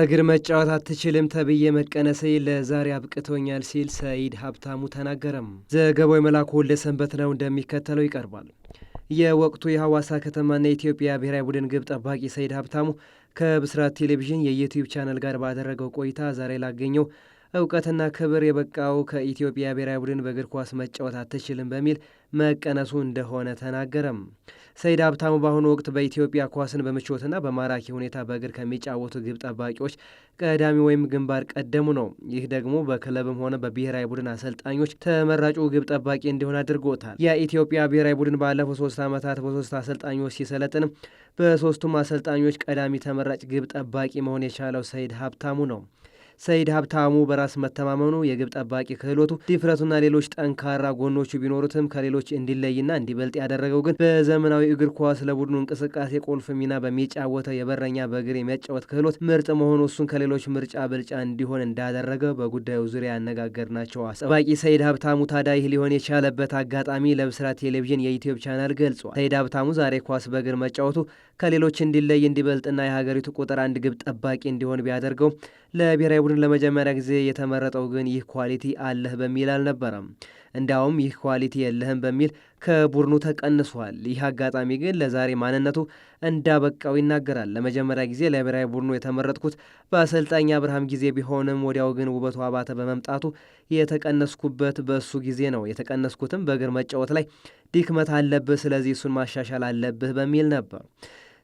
እግር መጫወት አትችልም ተብዬ መቀነሰ ለዛሬ አብቅቶኛል ሲል ሰይድ ሀብታሙ ተናገረም። ዘገባው የመላኩ ሰንበት ነው፣ እንደሚከተለው ይቀርባል። የወቅቱ የሐዋሳ ከተማና የኢትዮጵያ ብሔራዊ ቡድን ግብ ጠባቂ ሰይድ ሀብታሙ ከብስራት ቴሌቪዥን የዩትዩብ ቻናል ጋር ባደረገው ቆይታ ዛሬ ላገኘው እውቀትና ክብር የበቃው ከኢትዮጵያ ብሔራዊ ቡድን በእግር ኳስ መጫወት አትችልም በሚል መቀነሱ እንደሆነ ተናገረም። ሰይድ ሀብታሙ በአሁኑ ወቅት በኢትዮጵያ ኳስን በምቾትና በማራኪ ሁኔታ በእግር ከሚጫወቱ ግብ ጠባቂዎች ቀዳሚ ወይም ግንባር ቀደሙ ነው። ይህ ደግሞ በክለብም ሆነ በብሔራዊ ቡድን አሰልጣኞች ተመራጩ ግብ ጠባቂ እንዲሆን አድርጎታል። የኢትዮጵያ ብሔራዊ ቡድን ባለፉት ሶስት ዓመታት በሶስት አሰልጣኞች ሲሰለጥን በሶስቱም አሰልጣኞች ቀዳሚ ተመራጭ ግብ ጠባቂ መሆን የቻለው ሰይድ ሀብታሙ ነው። ሰይድ ሀብታሙ በራስ መተማመኑ፣ የግብ ጠባቂ ክህሎቱ፣ ድፍረቱና ሌሎች ጠንካራ ጎኖቹ ቢኖሩትም ከሌሎች እንዲለይና እንዲበልጥ ያደረገው ግን በዘመናዊ እግር ኳስ ለቡድኑ እንቅስቃሴ ቁልፍ ሚና በሚጫወተው የበረኛ በእግር የሚያጫወት ክህሎት ምርጥ መሆኑ እሱን ከሌሎች ምርጫ ብልጫ እንዲሆን እንዳደረገ በጉዳዩ ዙሪያ ያነጋገርናቸው አስጠባቂ ሰይድ ሀብታሙ ታዲያ ይህ ሊሆን የቻለበት አጋጣሚ ለብስራት ቴሌቪዥን የዩትዩብ ቻናል ገልጿል። ሰይድ ሀብታሙ ዛሬ ኳስ በእግር መጫወቱ ከሌሎች እንዲለይ እንዲበልጥና የሀገሪቱ ቁጥር አንድ ግብ ጠባቂ እንዲሆን ቢያደርገው ለብሔራዊ ቡድን ለመጀመሪያ ጊዜ የተመረጠው ግን ይህ ኳሊቲ አለህ በሚል አልነበረም። እንዲያውም ይህ ኳሊቲ የለህም በሚል ከቡድኑ ተቀንሷል። ይህ አጋጣሚ ግን ለዛሬ ማንነቱ እንዳበቃው ይናገራል። ለመጀመሪያ ጊዜ ለብሔራዊ ቡድኑ የተመረጥኩት በአሰልጣኝ አብርሃም ጊዜ ቢሆንም ወዲያው ግን ውበቱ አባተ በመምጣቱ የተቀነስኩበት በእሱ ጊዜ ነው። የተቀነስኩትም በእግር መጫወት ላይ ድክመት አለብህ፣ ስለዚህ እሱን ማሻሻል አለብህ በሚል ነበር።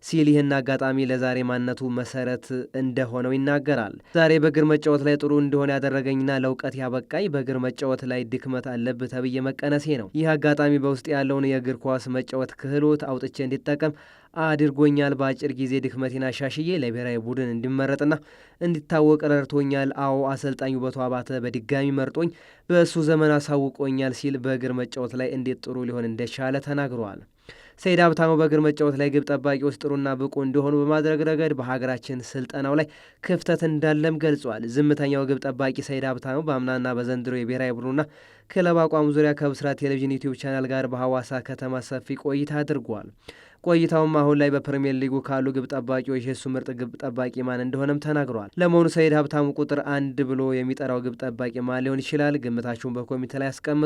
ሲል ይህን አጋጣሚ ለዛሬ ማንነቱ መሰረት እንደሆነው ይናገራል። ዛሬ በእግር መጫወት ላይ ጥሩ እንደሆነ ያደረገኝና ለእውቀት ያበቃኝ በእግር መጫወት ላይ ድክመት አለብህ ተብዬ መቀነሴ ነው። ይህ አጋጣሚ በውስጥ ያለውን የእግር ኳስ መጫወት ክህሎት አውጥቼ እንዲጠቀም አድርጎኛል። በአጭር ጊዜ ድክመቴን አሻሽዬ ለብሔራዊ ቡድን እንዲመረጥና እንዲታወቅ ረድቶኛል። አዎ አሰልጣኙ ውበቱ አባተ በድጋሚ መርጦኝ በእሱ ዘመን አሳውቆኛል ሲል በእግር መጫወት ላይ እንዴት ጥሩ ሊሆን እንደቻለ ተናግረዋል። ሰይድ ሀብታሙ በእግር መጫወት ላይ ግብ ጠባቂዎች ጥሩና ብቁ እንዲሆኑ በማድረግ ረገድ በሀገራችን ስልጠናው ላይ ክፍተት እንዳለም ገልጿል። ዝምተኛው ግብ ጠባቂ ሰይድ ሀብታሙ በአምናና በዘንድሮ የብሔራዊ ቡድኑና ክለብ አቋም ዙሪያ ከብስራት ቴሌቪዥን ዩቲዩብ ቻናል ጋር በሐዋሳ ከተማ ሰፊ ቆይታ አድርጓል። ቆይታውም አሁን ላይ በፕሪምየር ሊጉ ካሉ ግብ ጠባቂዎች የሱ ምርጥ ግብ ጠባቂ ማን እንደሆነም ተናግሯል። ለመሆኑ ሰይድ ሀብታሙ ቁጥር አንድ ብሎ የሚጠራው ግብ ጠባቂ ማን ሊሆን ይችላል? ግምታችሁን በኮሚቴ ላይ አስቀምጡ።